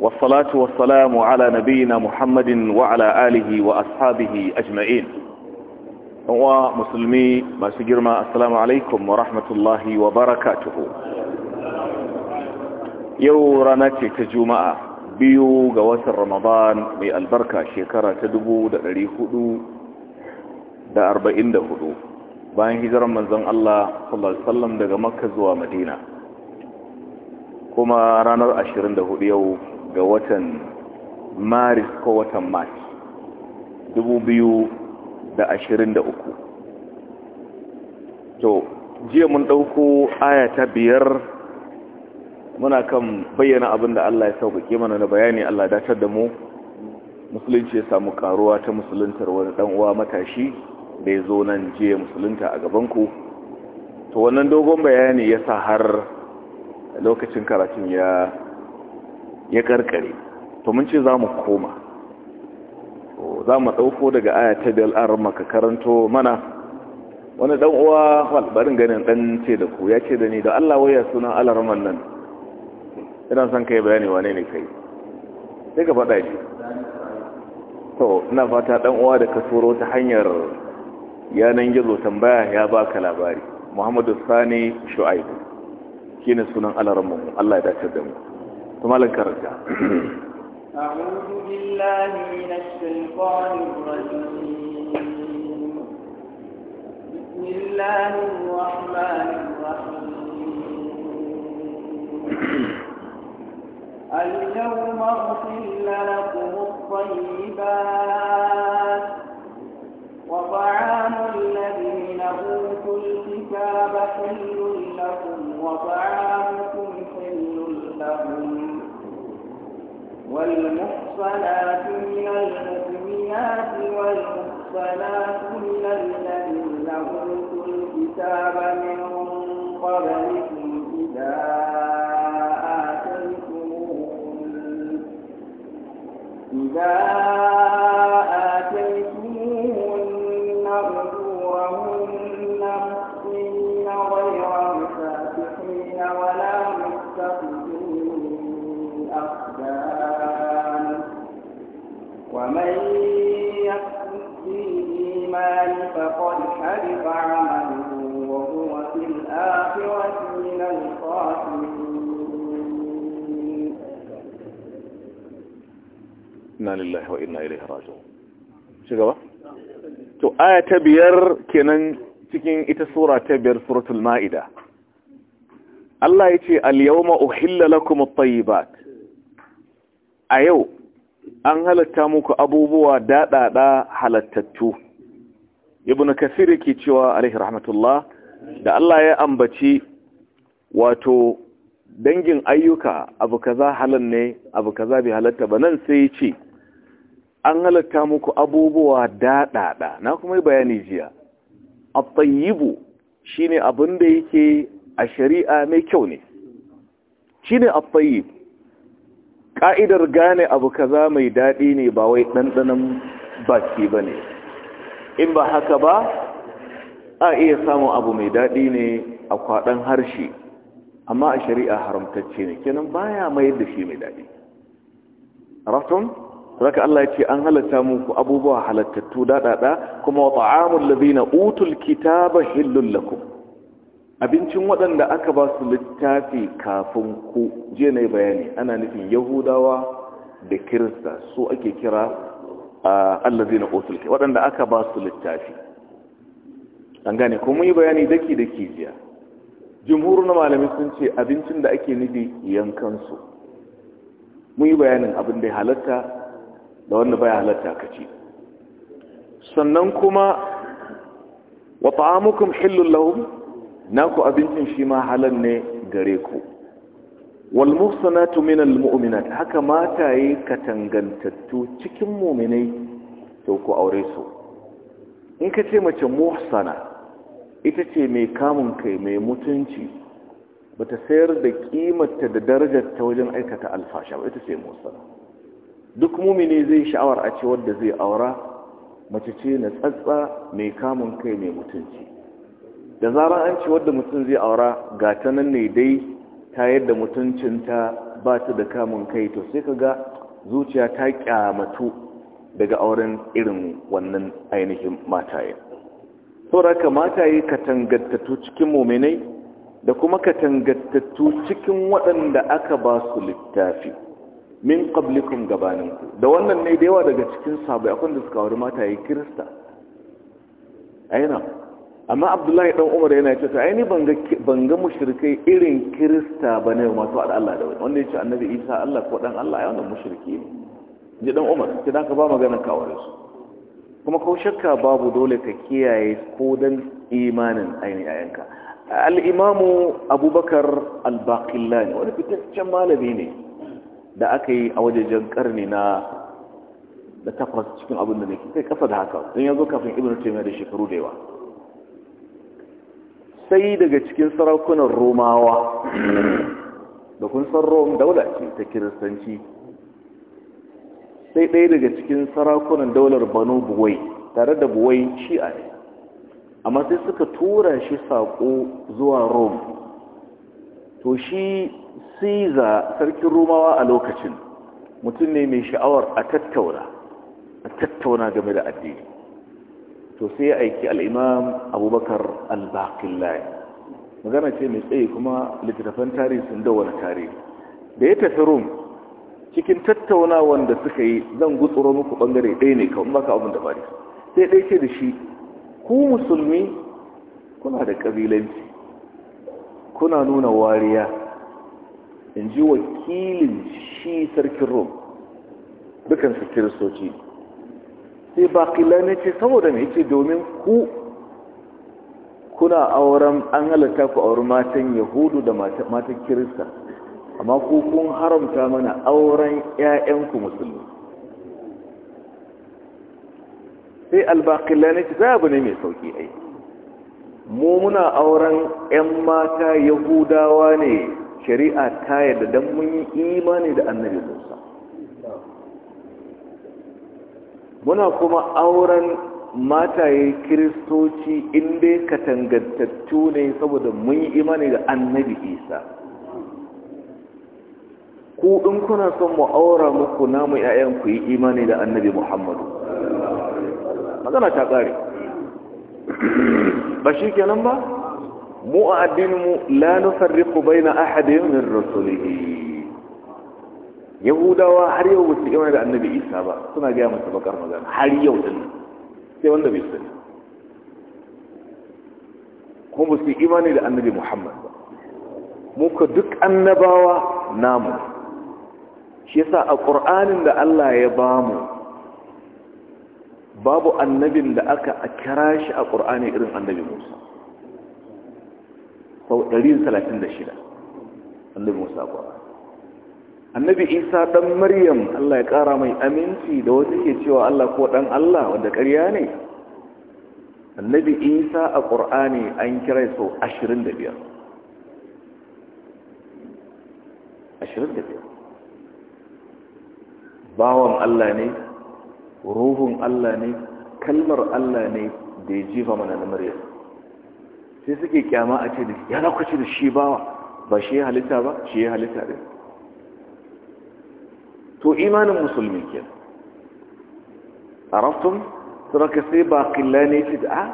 والصلاة والسلام على نبينا محمد وعلى آله وأصحابه أجمعين ومسلمي ما سجرما السلام عليكم ورحمة الله وبركاته يو راناتي تجمع biyu ga watan ramadan mai albarka shekara ta dubu da ɗari hudu da arba'in da hudu bayan hijirar manzon Allah sallallahu daga makka zuwa madina kuma ranar ashirin da hudu yau ga watan maris ko watan mars 2023 to jiya mun ɗauko aya ta biyar muna kan bayyana abin da Allah ya sauƙaƙe mana na bayani Allah datar da mu musulunci ya samu karuwa ta musuluntar wani ɗan uwa matashi da ya zo nan jiya musulunta a gabanku to wannan dogon bayani ya sa har lokacin karatun ya ya karkare to mun ce za mu koma za mu ɗauko daga aya ta dal'ar maka karanto mana wani ɗan uwa walbarin ganin ɗan ce da ku ya ce da ni da Allah waya sunan alarman nan ina son kai bayani wane ne kai sai ka faɗa shi to ina fata ɗan uwa da ka soro ta hanyar yanan gizo tambaya ya baka labari muhammadu sani shu'aibu kina sunan alarman Allah ya dace da mu تمالك رجع أعوذ بالله من الشيطان الرجيم بسم الله الرحمن الرحيم اليوم أحل لكم الطيبات والمحصنات من المؤمنات والمحصنات من الذين أوتوا الكتاب من قبلكم إذا آتيتموهن إذا lillahi wa inna ilaihi raji'un ci to aya ta biyar kenan cikin ita sura ta biyar suratul ma'ida Allah ya ce al-yawma uhilla lakum at-tayyibat a yau an halatta muku abubuwa daɗaɗa halattattu ibn kasir yake cewa alaihi rahmatullah da Allah ya ambaci wato dangin ayyuka abu kaza halal ne abu kaza bai halatta ba nan sai ya ce an halatta muku abubuwa daɗaɗa na kuma yi bayani jiya a tsayibu shi ne abin da yake a shari'a mai kyau ne shi ne a tsayib ƙa'idar gane abu kaza mai daɗi ne ba wai ɗanɗanan baki ba ne in ba haka ba a iya samun abu mai daɗi ne a kwaɗan harshe amma a shari'a haramtacce ne kenan baya mayar da shi mai daɗi rafton zaka Allah ya ce an halatta muku abubuwa halattattu daɗaɗa kuma wa ta'amul ladina utul kitaba hillul lakum abincin waɗanda aka ba su littafi kafin ku je na bayani ana nufin yahudawa da kirista su ake kira allazina utul kitaba waɗanda aka ba su littafi an gane mun yi bayani daki daki jiya jumhur na malami sun ce abincin da ake nufi yankan su mun yi bayanin abin da halatta da wanda baya halatta ka ci sannan kuma wa ta'amukum hillul lahum naku abincin shi ma halal ne gare ku wal muhsanatu minal mu'minat haka mata mataye katangantattu cikin mu'minai to ku aure su in ka ce mace muhsana ita ce mai kamun kai mai mutunci bata sayar da kimarta da darajar ta wajen aikata alfasha ba ita ce muhsana duk mumini zai sha'awar a ce wadda zai aura mace ce na tsatsa mai kamun kai mai mutunci da zarar an ce wadda mutum zai aura ga ta nan ne dai ta yadda mutuncinta ba ta da kamun kai to sai ka ga zuciya ta kyamatu daga auren irin wannan ainihin mataye ka mataye ka tangattattu cikin muminai da kuma ka tangattattu cikin waɗanda aka ba su littafi min qablikum gabaninku da wannan ne da yawa daga cikin sabai akwai da suka wuri mata yi kirista aina amma abdullahi dan umar yana ce ta aini ban ga mushrikai irin kirista ba ne masu da Allah da wani wanda ya ce annabi isa Allah ko dan Allah ya wannan mushriki ne ji dan umar ki dan ka ba magana ka aure su kuma ko shakka babu dole ka kiyaye ko dan imanin aini ayanka al-imamu abubakar al-baqillani wani fitaccen malami ne da aka yi a wajejen karni na da takwas cikin abin da ne kai kasa da haka don ya zo kafin ibn taimiyya da shekaru da yawa sai daga cikin sarakunan romawa da kun san rom daula ce ta kiristanci sai ɗaya daga cikin sarakunan daular banu buwai tare da buwai shi'a ne amma sai suka tura shi saƙo zuwa rome to shi siza sarkin rumawa a lokacin mutum ne mai sha'awar a tattauna a tattauna game da addini to sai ya aiki al'imam abubakar al magana ce mai tsaye kuma littattafan tarihi sun dawana tarihi da ya tafi rum cikin tattauna wanda suka yi zan gutsuro muku bangare ɗaya ne kawai maka abin da bari sai ɗaya ce da shi ku musulmi kuna da ƙabilanci kuna nuna wariya in ji wakilin shi sarkin rom dukansu kiristoci sai baki ne ce saboda mai ce domin ku kuna auren an halatta ku auri matan yahudu da matan kirista amma ku kun haramta mana auren 'ya'yanku musulmi sai albakila ne ce za abu ne mai sauki aiki mu muna auren 'yan mata yahudawa ne shari'a ta yadda don mun yi imani da annabi musa muna kuma auren mataye kiristoci inda katangantattu ne saboda mun yi imani da annabi isa ku in kuna son mu aura muku namu 'ya'yan ku yi imani da annabi muhammadu magana ta ƙare ba shi kenan ba mu a addininmu la nufarriqu na ahadin min rusulihi yahudawa har yau ba su da annabi isa ba suna gaya masa bakar magana har yau din sai wanda bai sani kuma su imani da annabi muhammad ba muka duk annabawa namu shi yasa a ƙur'anin da allah ya bamu babu annabin da aka kira shi a ƙur'ani irin annabi musa sau 136 annabi musa ƙwara annabi isa ɗan maryam allah ya ƙara mai aminci da wata ke cewa allah ko ɗan allah wanda ƙarya ne annabi isa a ƙur'ani an kira sau 25 biyar, bawan allah ne ruhun Allah ne kalmar Allah ne da ya jifa mana na maryam sai suke kyama a ce da ya lokaci da shi bawa ba shi ya halitta ba shi ya halitta ɗin to imanin musulmi ke a rafton suraka sai ba kila ne ce da ah,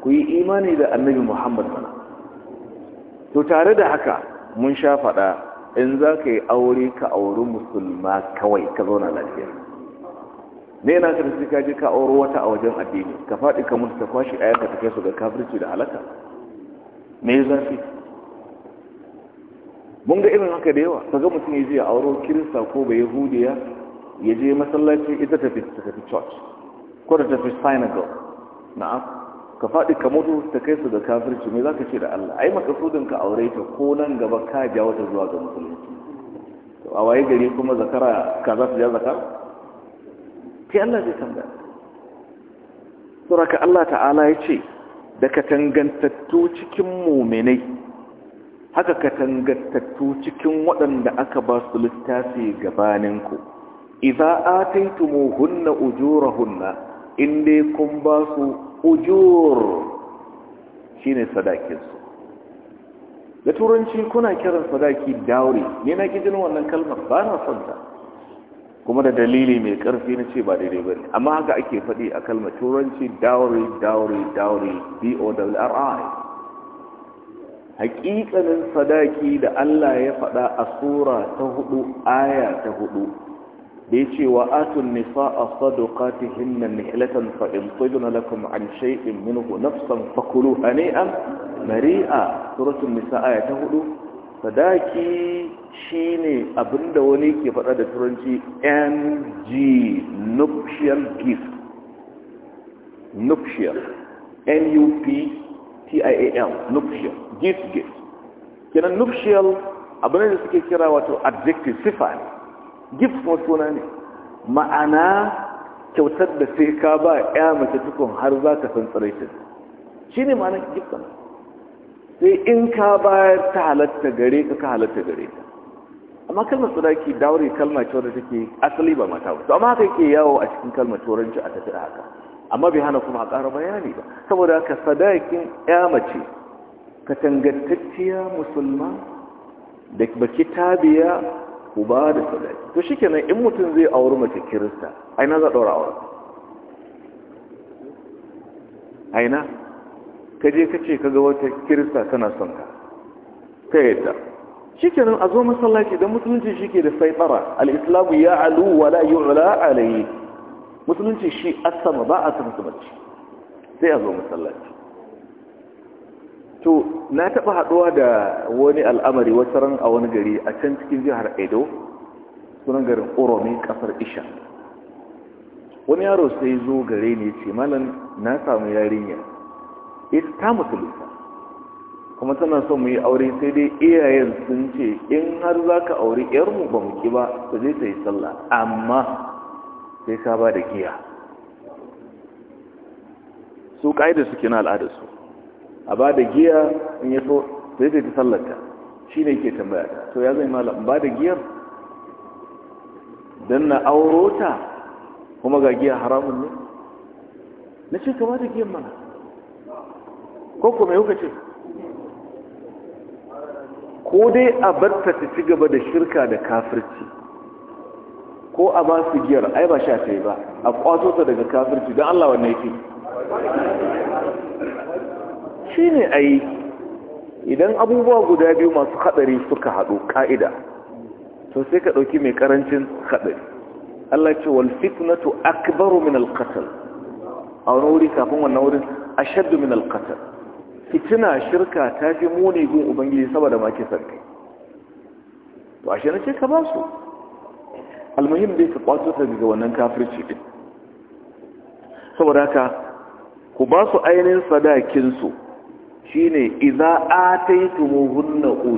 ku yi imani da annabi muhammad mana to tare da haka mun sha faɗa in za ka yi aure ka auri musulma kawai ka zauna lafiya ne na ka sai ka je ka auro wata a wajen addini ka faɗi ka mutu ta kwashi a yanka ta kai su ga kafirci da halaka me zafi mun ga irin haka da yawa ka ga mutum ya je ya auro kirista ko bai yahudiya ya je masallaci ita tafi ta tafi church ko ta tafi synagogue na'am ka faɗi ka mutu ta kai su ga kafirci me za ka ce da Allah ai makasudin ka aure ta ko nan gaba ka ja wata zuwa ga musulunci a waye gari kuma zakara ka za ta ja zakara sai Allah zai tambaya suraka Allah ta'ala ya ce da tangantattu cikin muminai haka ka tangantattu cikin waɗanda aka ba su littafi gabaninku Iza idza hunna ujurahunna in dai kun ba su ujur shine sadakinsu da turanci kuna kiran sadaki dauri ne na gidan wannan kalmar ba na son ta kuma da dalili mai karfi na ce ba daidai ba ne amma haka ake faɗi a kalmar turanci dowry dowry dowry d-o-w-r-i hakikanin sadaki da Allah ya faɗa a sura ta hudu aya ta hudu da ya ce wa atun nisa a sadokati hinnan nihilatan fa'in tsojina lakum an shaiɗin minhu nafsan fakulu hani'an mari'a suratun nisa aya ta hudu sadaki shine abinda wani ke faɗa da turanci ng nuptial gift nuptial n-u-p-t-i-a-l nuptial gift gift kenan nuptial abin da suke kira wato adjective sifa ne gift kuma suna ne ma'ana kyautar da sai ka ba ya mace tukun har za ka san tsiraitin shi ne ma'ana gift sai in ka bayar ta halatta gare ka ka halatta gare ka amma kalmar sadaki daure kalma ce wadda take asali ba mata ba to amma haka yake yawo a cikin kalmar turanci a tafi haka amma bai hana kuma a ƙara bayani ba saboda ka sadakin ya mace ka tangantacciya musulma da baki tabiya ku ba da sadaki to shi kenan in mutum zai auri mace kirista aina za a ɗora aure aina ka je ka ce kaga wata kirista tana son ka ka yadda kenan a zo masallaci don musulunci shi ke da saibara Alislamu ya alu wa la yu'la alayi. musulunci shi asama ba a san musulunci sai a zo masallaci to na taba haɗuwa da wani al'amari wata ran a wani gari a can cikin jihar Edo sunan garin Oromi kasar Isha wani yaro sai zo gare ne ya ce malam na samu yarinya ita musulunta kuma tana son mu yi aure sai dai iyayen sun ce in har za ka aure yarmu ba mu ba ta zai ta yi sallah amma sai ka ba da giya su ƙa'idar suke na su. a ba da giya in ya so sai ta yi shi ne ke tambaya ta to ya zai malam ba da giyar don na aurota kuma ga giya haramun ne na ce ka ba da giyar mana ko mai hukace ko dai a batta ta ci gaba da shirka da kafirci ko a ba su giyar ai ba sha ta ba a kwato ta daga kafirci don Allah wannan yake shi ne a yi idan abubuwa guda biyu masu haɗari suka haɗu ka'ida to sai ka ɗauki mai ƙarancin haɗari Allah ce wal fitnatu akbaru min al-qatl a wani wuri kafin wannan wurin ashaddu min al-qatl fitina shirka ta fi muni gun ubangiji saboda ma kisan sarki. to ashe na ce ka ba su almuhim dai ka kwato ta daga wannan kafirci din saboda ka, ku ba su ainihin sadakin su shine idza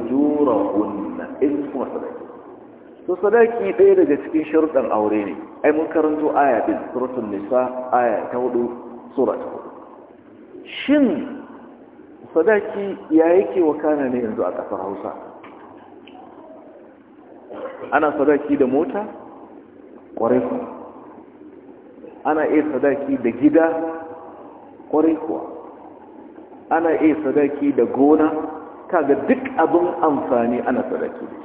jura hunna in kuma sadaki to sadaki ɗaya daga cikin sharuɗan aure ne ai mun karanto aya din suratul nisa aya ta hudu sura ta hudu shin sadaki ya yake wakana ne yanzu a ƙasar hausa ana sadaki da mota ƙwarai kuwa ana iya sadaki da gida ƙwarai kuwa ana iya sadaki da gona kaga duk abin amfani ana sadaki da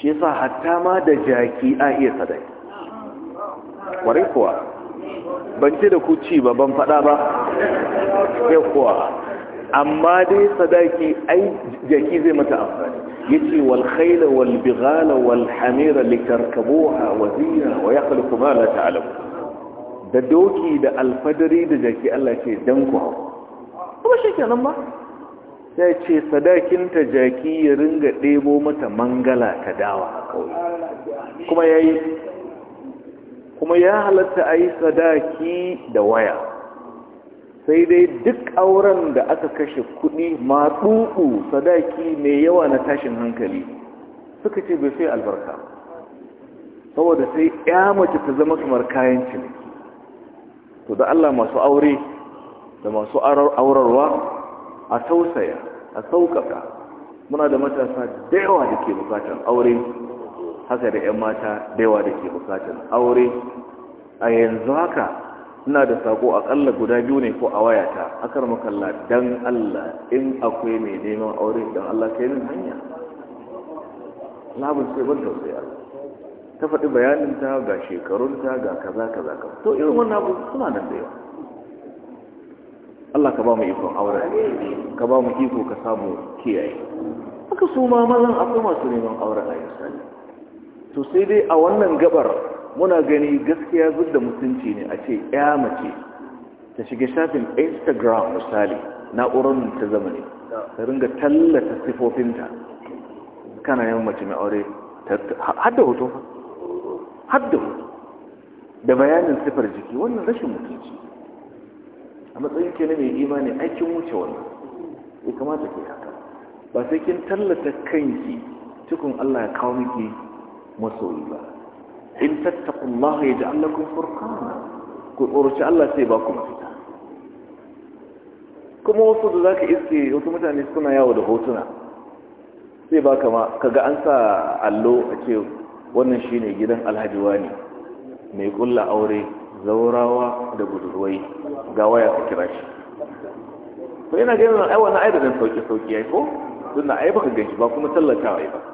shi yasa hatta ma da jaki a iya sadaki ƙwarai kuwa ban ce da ku ci ba ban faɗa ba ya kuwa amma dai sadaki ai jaki zai mata amfani ya ce walhaila walbighala walhamira likarkaboha wa zina wa ya kalku ma la ta'alam da doki da alfadari da jaki Allah ce dan ku kuma shi kenan ba sai ce sadakinta jaki ya ringa ɗebo mata mangala ta dawa kawai kuma ya yi kuma ya halatta a yi sadaki da waya sai dai duk auren da aka kashe kuɗi ɗuɗu sadaki mai yawa na tashin hankali suka ce bai sai albarka saboda sai ya mace ta zama kamar kayan ciniki to da Allah masu aure da masu aurarwa a tausaya a sauƙaƙa muna da matasa da yawa da ke bukatar aure haka da 'yan mata da yawa da ke bukatar aure a yanzu haka ina da sako aƙalla guda biyu ne ko a wayata akar makalla dan Allah in akwai mai neman aure don Allah kai min hanya labin sai sai allah ta faɗi bayaninta ga shekarunta ga kaza kaza ka to irin wannan abu suna nan da yawa Allah ka ba mu ikon aure ka ba mu iko ka samu kiyaye haka su ma mazan akwai masu neman aure a yanzu to sai dai a wannan gabar muna gani gaskiya zub da mutunci ne a ce ya mace ta shiga shafin instagram misali na'urar ta zamani ta ringa tallata sifofinta kana yawan mace mai aure hadda hoto hadda hoto da bayanin sifar jiki wannan rashin mutunci a matsayin ke na mai imani aikin wuce wannan ya kamata ke haka ba sai kin tallata kanki cikin allah ya kawo miki masoyi Allah, in ji yaj'al lakum furqana ku tsoraci Allah sai ba ku mafita kuma wasu da za ka iske wasu mutane suna yawo da hotuna sai ba kama kaga an sa allo a ce wannan shi ne gidan alhaji wani mai kulla aure zaurawa da budurwai ga waya ka kira shi Ko yana ganin na aida don sauƙi-sauƙi ya yi, ko don na ai ka ganshi ba kuma tallatawa ai ba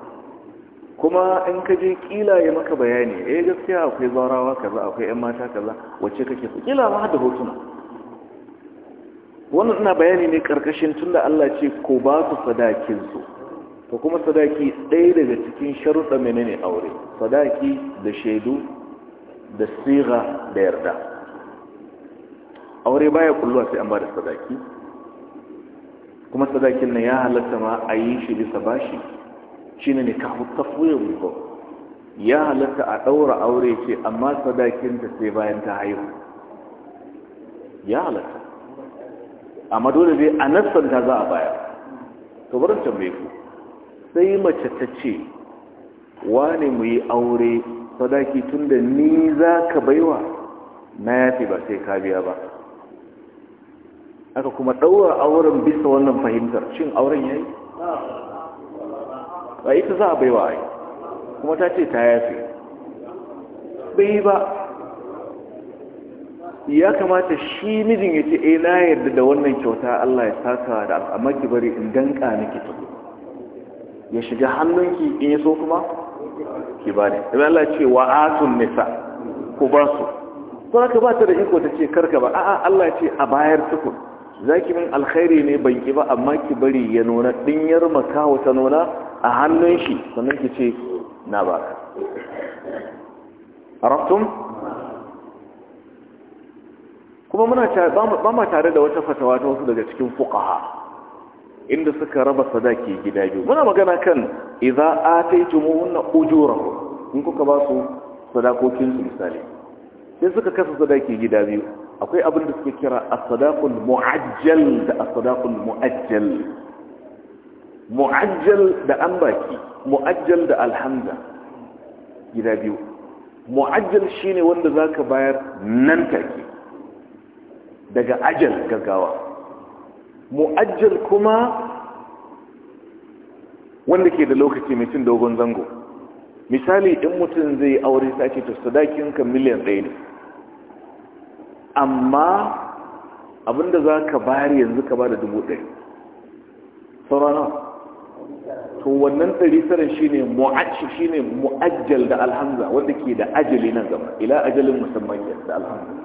kuma in ka je kila ya maka bayani yi eh, gaskiya akwai zarawa kaza akwai yan mata kaza wacce kake su kila ma da hotuna wannan ina bayani ne karkashin tunda Allah ce ko ba su sadakinsu, ko kuma sadaki ɗaya daga cikin sharuɗa menene aure sadaki da shaidu da siga da yarda aure baya kulluwa sai an ba da sadaki kuma sadakin nan ya halatta ma a yi shi bisa bashi shine ne ka fuye wuko ya halatta a ɗaura aure ce amma sadakin sai bayan ta haihu ya halatta amma dole zai a nassan ta za a baya Ka barin mai ku sai mace ta ce wane mu yi aure sadaki tun da ni za ka baiwa na yafi ba sai ka biya ba aka kuma ɗaura auren bisa wannan fahimtar cin auren ya yi ba ita za a baiwa a yi. kuma ta ce ta yafe bai ba ya kamata shi mijin ya ce eh na yarda da wannan kyauta Allah ya saka da amma ki bari in danka miki ta ya shiga hannunki in yaso kuma ki bani dan Allah ce wa atun nisa ku ba su to ka ba ta da iko ta ce karka ba a'a Allah ce a bayar tukun zaki min alkhairi ne ban ki ba amma ki bari ya nuna ɗinyar makaho ta nuna a hannun shi sannan ki ce na ba ka kuma muna ba ma tare da wata fatawa ta wasu daga cikin fuqaha inda suka raba sadaki gida biyu muna magana kan idza ataytumuhunna ujurahum in kuka ba su sadakokin su misali sai suka kasa sadaki gida biyu akwai abin da suke kira a sadakun mu'ajjal da a sadakun mu'ajjal mu'ajjal da an baki mu'ajjal da alhamza gida biyu mu'ajjal shine wanda zaka bayar nan take daga ajal gaggawa mu'ajjal kuma wanda ke da lokaci mai cin dogon zango misali in mutum zai yi aure sake ta to sadakin ka miliyan ɗaya ne amma abinda za ka bari yanzu ka ba da dubu ɗari saurana to wannan ɗari tsarin shi ne shi ne mu'ajjal da alhamza wanda ke da ajali nan gaba ila ajalin musamman da alhamza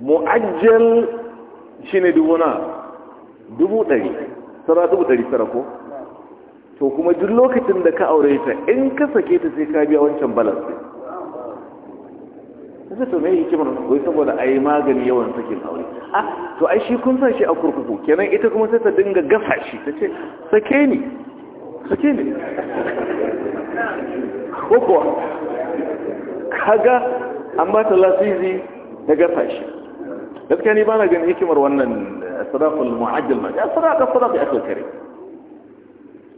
mu'ajjal shi ne dubu na dubu ɗari tsara dubu ɗari tsara ko to kuma duk lokacin da ka aure ta in ka sake ta sai ka biya wancan balance sai to mai hikimar wai saboda ai magani yawan sakin aure a ah, to ai shi kun sa shi a kurkuku kenan ita kuma sai ta dinga gafa shi ta ce sake ni sake ni ko kuwa kaga amma ta lasizi, ta gafa shi gaskiya ni ba na ganin hikimar wannan eh, sadaqul mu'ajjal ma ya sadaqa sadaqa akal kare.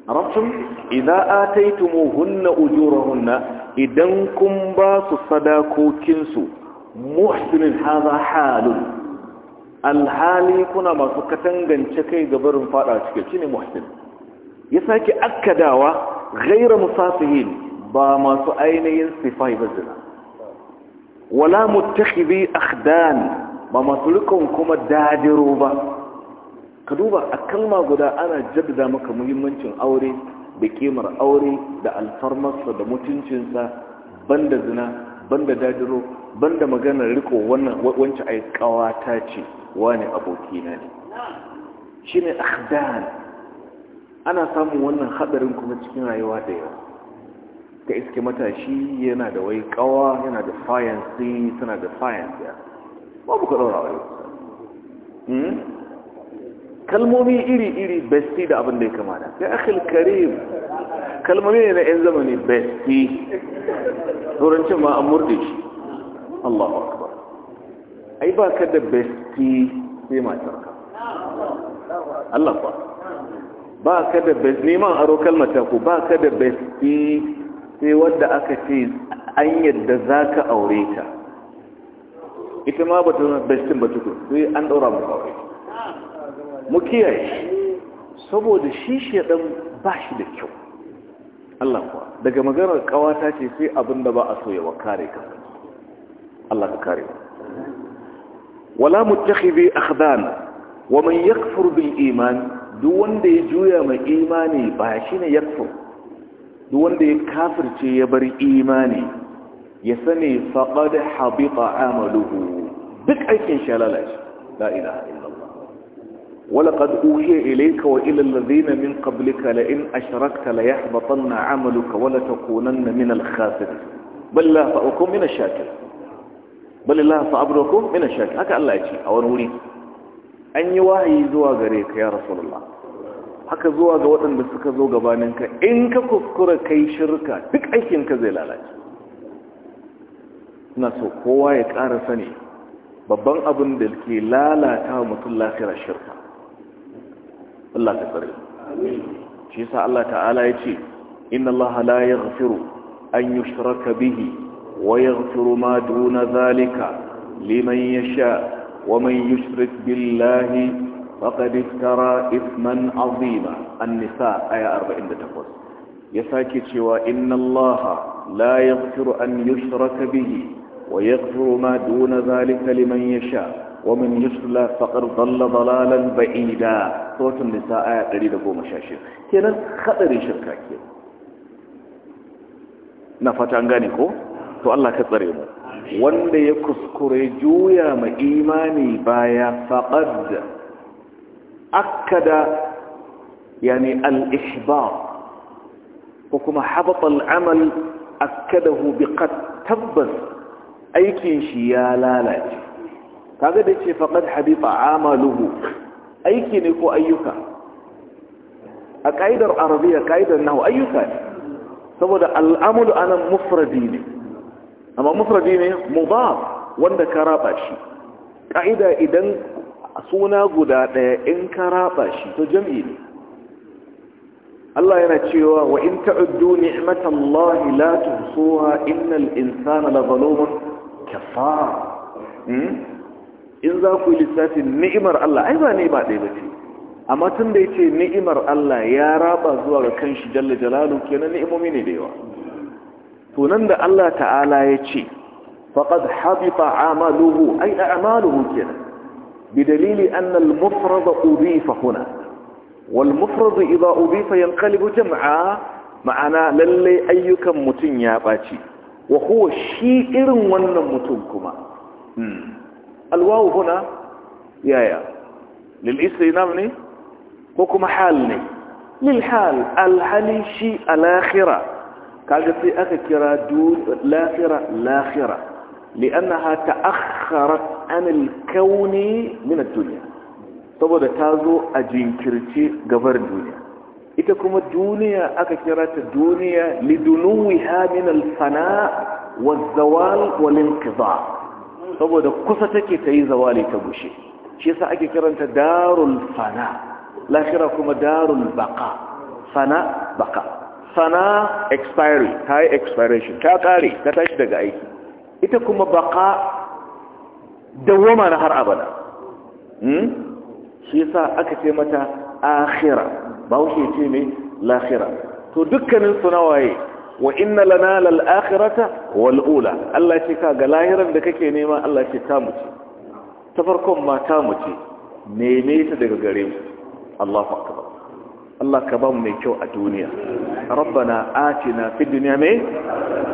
arabtum idza ataytumuhunna ujurahunna idan kun ba su sadakokin su muhsinin hadha halun alhali kuna masu katangance kai ga barin fada cike shine muhsin ya sake akkadawa ghayra musafihin ba masu ainihin sifai ba zina wala muttakhidhi akhdan ba masu rikon kuma dadiro ba ka duba a kalma guda ana jaddada maka muhimmancin aure da kimar aure da alfarmarsa da mutuncinsa banda zina banda dajiro banda maganar riko wannan wance ai kawata ce wani abokina ne shine ahdan ana samun wannan hadarin kuma cikin rayuwa da yawa ka iske matashi yana da wai kawa yana da fayansi tana da fayansi babu ka daura wa yau hmm? kalmomi iri-iri besti da abin da ya kamata ya akil karim kalmomi ne na 'yan zamani besti turancin ma an murde shi allahu akbar ai ba ka da besti sai matarka allah ba ba ka da besti neman aro kalmata ku ba ka da besti sai wadda aka ce an yadda za ka aure ta ita ma ba ta zama bestin ba tukun sai an daura mu aure mu kiyaye saboda shi shedan ba shi da kyau Allah kuwa daga maganar kawata ce sai abin da ba a so yawa kare ka Allah ka kare wala muttakhidhi akhdan wa man yakfur bil iman duk wanda ya juya mai imani ba shine yakfur duk wanda ya kafirce ya bar imani ya sani faqad habita amaluhu duk aikin shi la ilaha ولقد أوحي إليك وإلى الذين من قبلك لئن أشركت ليحبطن عملك ولتكونن من الخاسرين بل الله فأكون من الشاكر بل الله فأبركم من الشاكر هكا الله يجي أو نوري أن يواهي زوا غريك يا رسول الله haka zuwa ga waɗanda suka zo gabaninka in ka kuskura kai shirka duk aikinka zai lalace na so kowa ya ƙara sani babban abin da ke lalata mutum lafiyar shirka الله تكبر شيء الله تعالى يتي إن الله لا يغفر أن يشرك به ويغفر ما دون ذلك لمن يشاء ومن يشرك بالله فقد افترى إثما عظيما النساء آية 40 تقول يساكت إن الله لا يغفر أن يشرك به ويغفر ما دون ذلك لمن يشاء ومن يشلى فقر ضل ضلالا بعيدا سورة النساء آية قريبة قوم شاشر كينا خطري شركة كينا نفات عنقانيكو تو الله كتريمو wanda ya kuskure juya ma imani baya faƙad akada yani al ko kuma habata al-amal akadahu biqad tabbas aikin shi ya lalace kaga da ce faqad habita amaluhu aiki ne ko ayyuka a kaidar arabiya kaidar nahu ayyuka ne saboda al'amalu anan mufradi ne amma mufradi ne mudaf wanda ka raba shi kaida idan suna guda daya in ka raba shi to jam'i ne Allah yana cewa wa in ta'uddu ni'matallahi la tuhsuha innal insana la zalumun kafar hmm? in za ku yi lissafin ni'imar Allah ai ba ni'ima ɗaya ba ce amma tun da ya ce ni'imar Allah ya raba zuwa ga kanshi jalla jalalu kenan ni'imomi ne da yawa to nan da Allah ta'ala ya ce faqad habita amaluhu ay a'maluhu kenan bidalili anna al-mufrad udifa huna wal mufrad idha udifa yanqalibu jam'a ma'ana lalle ayyukan mutun ya baci wa huwa shi irin wannan mutum kuma hmm. alwawu huna yaya lil'istinam ne ko kuma hal ne lilhal alhali shi a lahira kaga sai aka kira lahira lahira li'annaha ta'akhkharat an al min ad-dunya saboda ta zo a jinkirce gabar duniya ita kuma duniya aka kira ta duniya lidunuwiha min al-fana wal-zawal wal-inqida' saboda kusa take ta yi zawali ta gushe shi yasa ake kiranta darul fana lafira kuma darul baka fana baka fana expiry ta yi expiration ta kare ta tashi daga aiki ita kuma baka dawoma na har abada hmm? shi yasa aka ce mata akhira ba wuce ce mai lafira to dukkanin waye. wa inna lana lal akhirata wal ula Allah ce ka ga lahirar da kake nema Allah ce ta muci ta farkon ma ta muci neme ta daga gare mu Allahu akbar Allah ka ba mu mai kyau a duniya rabbana atina fid dunya mai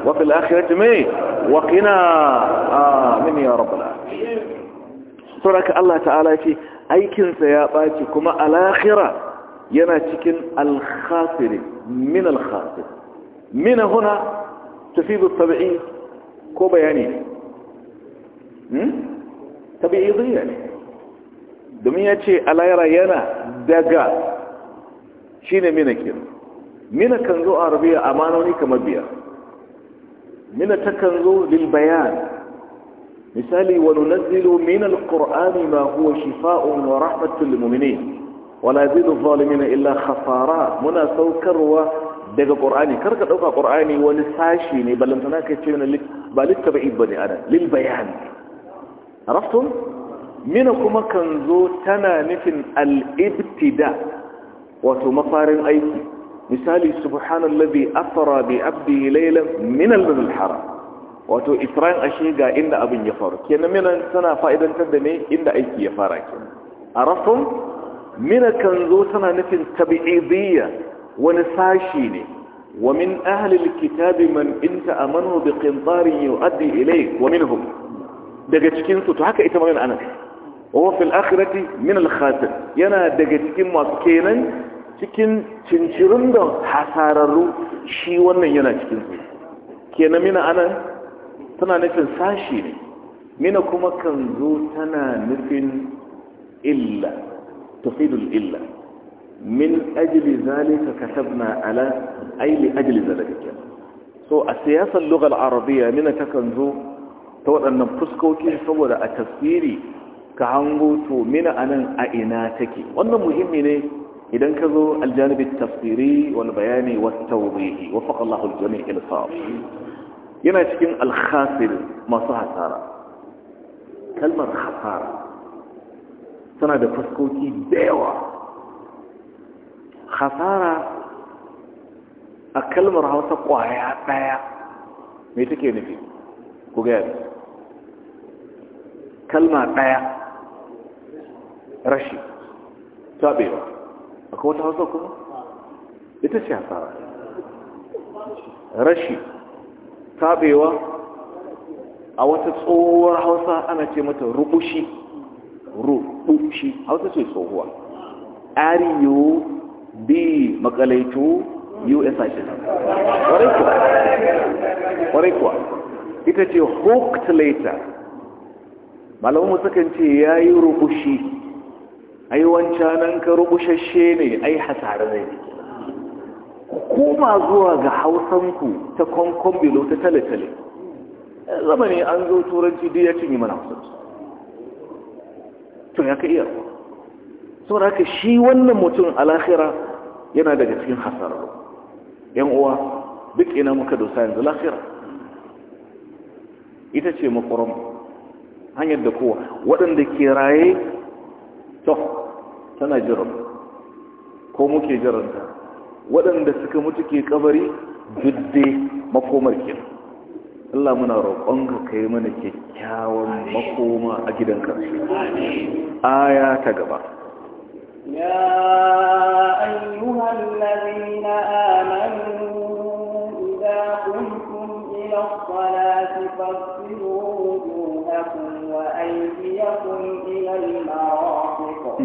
wa fil akhirati mai wa qina amin ya rabbal alamin suraka Allah ta'ala ce aikinsa ya baci kuma al akhirah yana cikin al khasir min al khasir من هنا تفيد الطبيعية كوبيانية طبيعية دمية شيء على يرينا دقا شين من كير من كنزو عربية أمانوني كمبيا من تكنزو للبيان مثالي وننزل من القرآن ما هو شفاء ورحمة للمؤمنين ولا يزيد الظالمين إلا خسارات منا سوكر ومسارات daga ƙorani karka ɗauka ƙorani wani sashi ne balantana ka ce wani ba litta ba'id ba ne ana lil bayani raftun mina kuma kan zo tana nufin al'ibtida wato mafarin aiki misali subhanallazi afara bi abdi laylan min al-masjid al-haram wato ifran ashe ga inda abin ya faru kenan minan tana fa'idantar da ne inda aiki ya fara kenan arafun mina kan zo tana nufin tabi'idiyya wani sashi ne wa min ahlil kitabi man in ta'amanu bi qintarin yu'addi ilayk wa minhum daga cikin su haka ita magana anan wa fil akhirati min al yana daga cikin masu kenan cikin cincirin da hasararru shi wannan yana cikin su kenan anan tana nufin sashi ne mina kuma kan zo tana nufin illa illa min ajli zalika katabna ala ay li ajli zalika so a siyasar lugar arabiya nina takan zo ta waɗannan fuskoki saboda a tafsiri ka hango to mina anan a ina take wannan muhimmi ne idan ka zo aljanibi tafsiri wal bayani wa tawbihi wa faqa Allahu al-jami' yana cikin al-khasir masu hasara kalmar hasara tana da fuskoki da yawa khasara a kalmar hausa kwaya ɗaya me take nufi ku gaya kalma ɗaya rashi taɓewa A wata hausa kuma ita ce hasara rashi taɓewa a wata tsohuwar hausa ana ce mata rubushi rubushi hausa ce tsohuwa ariyo bi makalaitu usa Kwarai kuwa ita ce hooked later malamu sukan ce ya yi rubushi ai wancanan ka rubushashe ne ai hasara ne kuma zuwa ga hausanku ta kwankwan bilo ta tale-tale zamani an zo turanci duk ya cinye mana hausansu to ya ka iya kuwa saboda haka shi wannan mutum a alakhira yana daga cikin hasararru yan uwa duk ina muka dosa yanzu lahira ita ce makwaron hanyar da kowa waɗanda ke raye to tana jiran ko muke jiranta waɗanda suka mutu ke kabari dudde makomar kenan Allah muna ka kai mana kyakkyawan makoma a gidan ƙarshe aya ta gaba يا أيها الذين آمنوا إذا قمتم إلى الصلاة فاغسلوا وجوهكم وأيديكم إلى المرافق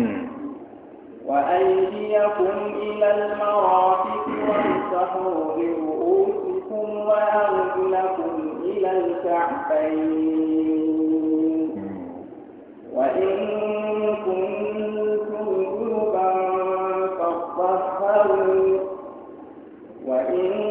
وأيديكم إلى المرافق وامسحوا برؤوسكم وأرجلكم إلى الكعبين وإن وإن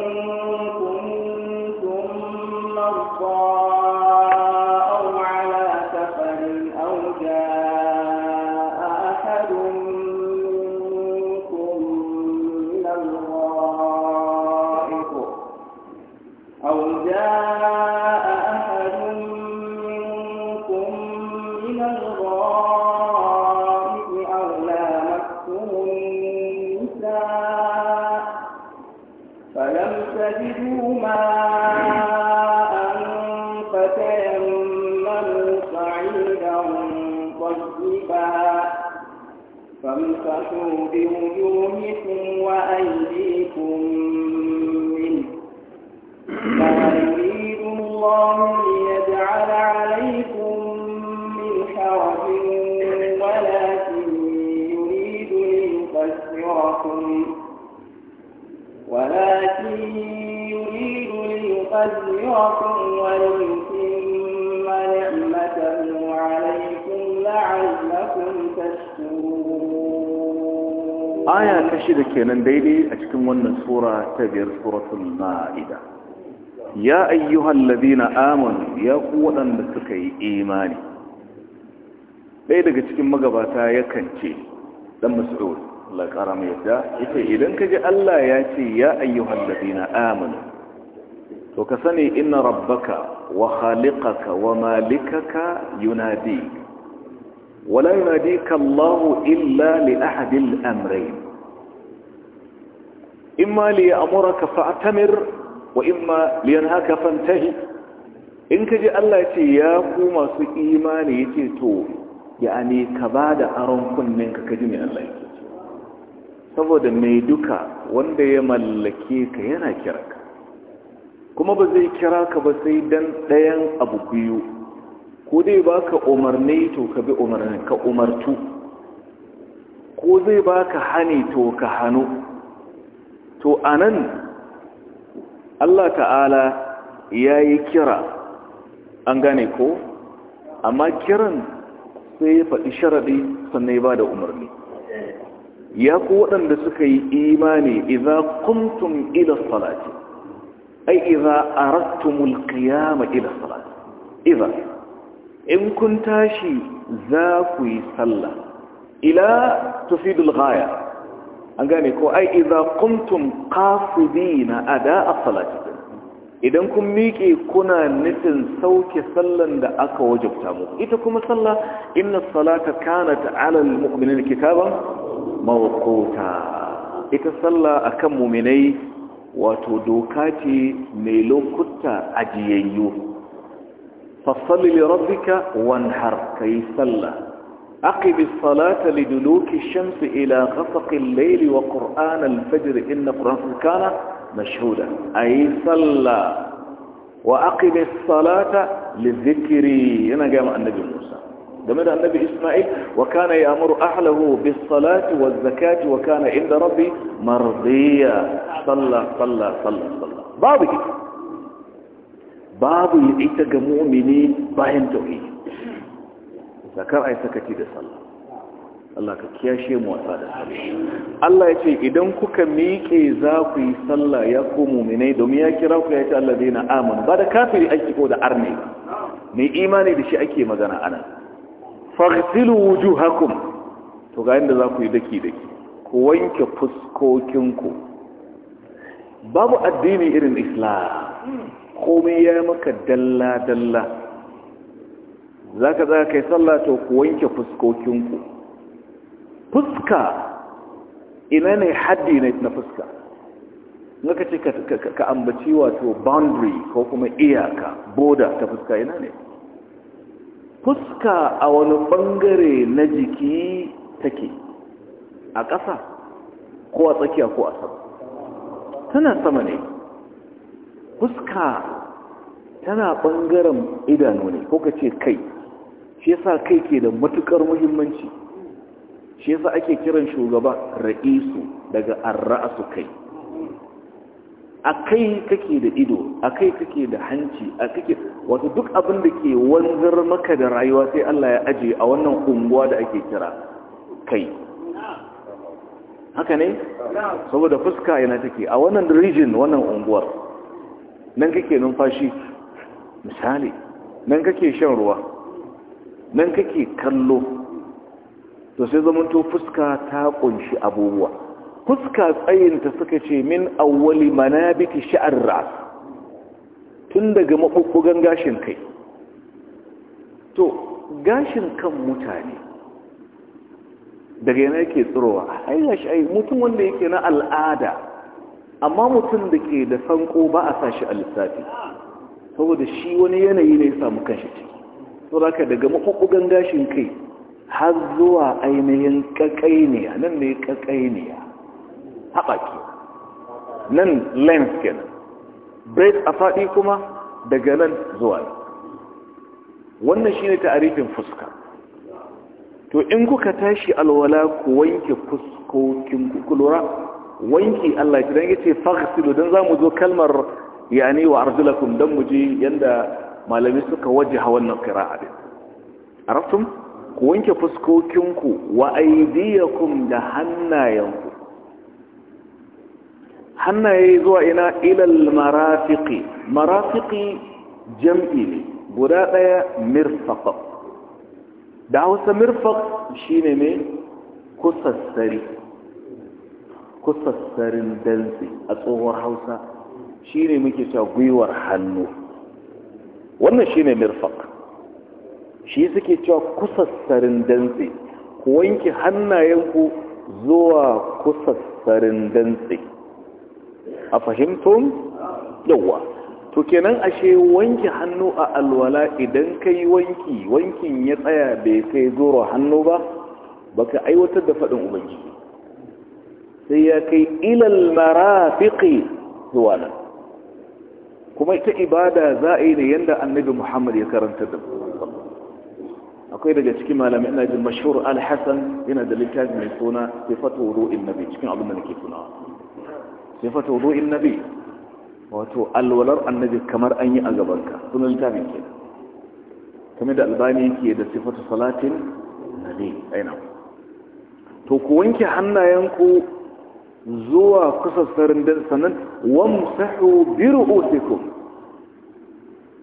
shida kenan daidai a cikin wannan sura ta biyar suratul ma'ida ya ayyuhal ladina amanu ya ku waɗanda suka yi imani ɗaya daga cikin magabata yakan ce dan mas'ud Allah mai yadda ita idan ka ji Allah ya ce ya ayyuhal ladina amanu to ka sani ina rabbaka wa khaliqaka wa malikaka yunadika ولا يناديك illa إلا لأحد الأمرين imma li ya'muraka fa'tamir wa imma haka yanhaka fantahi in kaji Allah ce ya ku masu imani yace to yani ka da aron kunnen ka kaji me Allah yake saboda mai duka wanda ya mallake ka yana kiraka kuma ba zai kira ka ba sai dan ɗayan abu biyu ko dai baka umarni to ka bi umarnin ka umartu ko zai baka hani to ka hannu to anan Allah ta'ala ya yi kira an gane ko amma kiran sai ya faɗi sharaɗi sannan ya ba da umarni ya ku waɗanda suka yi imani iza kuntum ila salati ai iza arattumul qiyama ila salati iza in kun tashi za ku yi sallah ila tufidul ghaya an gane ko ai idza qumtum qasidina ada as-salati idan kun miƙe kuna nufin sauke sallan da aka wajabta mu ita kuma sallah inna salata kanat ala al-mu'minina kitaban mawquta ita salla akan mu'minai wato doka ce mai lokuta ajiyayyu fasalli li rabbika wanhar kai sallah أقب الصلاة لدلوك الشمس إلى غسق الليل وقرآن الفجر إن قرآن كان مشهودا أي صلى وأقب الصلاة للذكر هنا جاء النبي موسى جميل النبي إسماعيل وكان يأمر أهله بالصلاة والزكاة وكان عند ربي مرضيا صلى صلى صلى صلى بابي بابي يتقى مؤمنين باين توحيد da kar a yi sakaci da sallah Allah ka kiyashe mu da Allah ya ce idan kuka miƙe za ku yi sallah ya ku muminai domin ya kira ku ya ce Allah zai na amin ba da kafiri ake ko da arne mai imani da shi ake magana ana faghsilu wujuhakum to ga yanda za ku yi daki daki ku wanke fuskokinku babu addini irin islam komai ya maka dalla-dalla za ka za ka yi to ku wanke fuskokinku fuska ina ne haddi na fuska ka ce ka ambaci wato boundary ko kuma iyaka border ta fuska ina ne fuska a wani bangare na jiki take a ƙasa ko a tsakiya ko a sama tana sama ne fuska tana bangaren idanu ne ko ka ce kai shi yasa kai ke da matukar muhimmanci shi yasa ake kiran shugaba ra'isu daga arra'asu kai a kai kake da ido a kai kake da hanci a kake wato duk abin da ke wanzar maka da rayuwa sai Allah ya aje a wannan unguwa da ake kira kai haka ne saboda fuska yana take a wannan region wannan unguwar nan kake numfashi misali nan kake shan ruwa nan kake kallo to sai zamanto fuska ta kunshi abubuwa fuska tsayinta suka ce min awwali manabiki sha'ar ras tun daga maɓuɓɓugan gashin kai to gashin kan mutane daga yana yake tsirowa ai gashi ai mutum wanda yake na al'ada amma mutum da ke da sanko ba a sa shi a lissafi saboda shi wani yanayi ne ya samu kanshi ciki tsoraka daga maɓuɓɓugan gashin kai har zuwa ainihin ƙaƙainiya nan ne ƙaƙainiya ke. nan lens kenan braid a faɗi kuma daga nan zuwa wannan shi ne ta'arifin fuska to in kuka tashi alwala ku wanke fuskokin kukulura wanki Allah ya ce fagsilu don za mu zo kalmar yani wa arzulakum don mu ji yadda malami suka wajaha wannan qira'a din arabtum ku wanke fuskokinku wa aydiyakum da hannayenku hannaye zuwa ina ilal marafiki. Marafiki jam'i ne guda ɗaya mirfaq da hausa mirfaq shi ne kusassari kusassarin dantse a tsohon hausa shine muke cewa gwiwar hannu wannan shine mirfaq shi suke cewa kusassarin dantse ku wanke hannayenku zuwa kusassarin dantse a fahimtun yawa to kenan ashe wanke hannu a alwala idan ka yi wanki wankin ya tsaya bai kai zuwa hannu ba baka aiwatar da faɗin ubangiji sai ya kai ilal marafiƙi zuwa nan kuma ita ibada za a yi ne yadda annabi muhammad ya karanta da akwai daga cikin malamai ina jin mashhur al hassan yana da littafi mai suna sifatu wudu'in nabi cikin abin da nake tunawa sifatu wudu'in nabi wato alwalar annabi kamar an yi a gabanka sunan littafin ke kamar da albani yake da sifatu salatin nabi aina to ku wanke hannayenku zuwa kusa sarin sannan wamsahu bi ru'usikum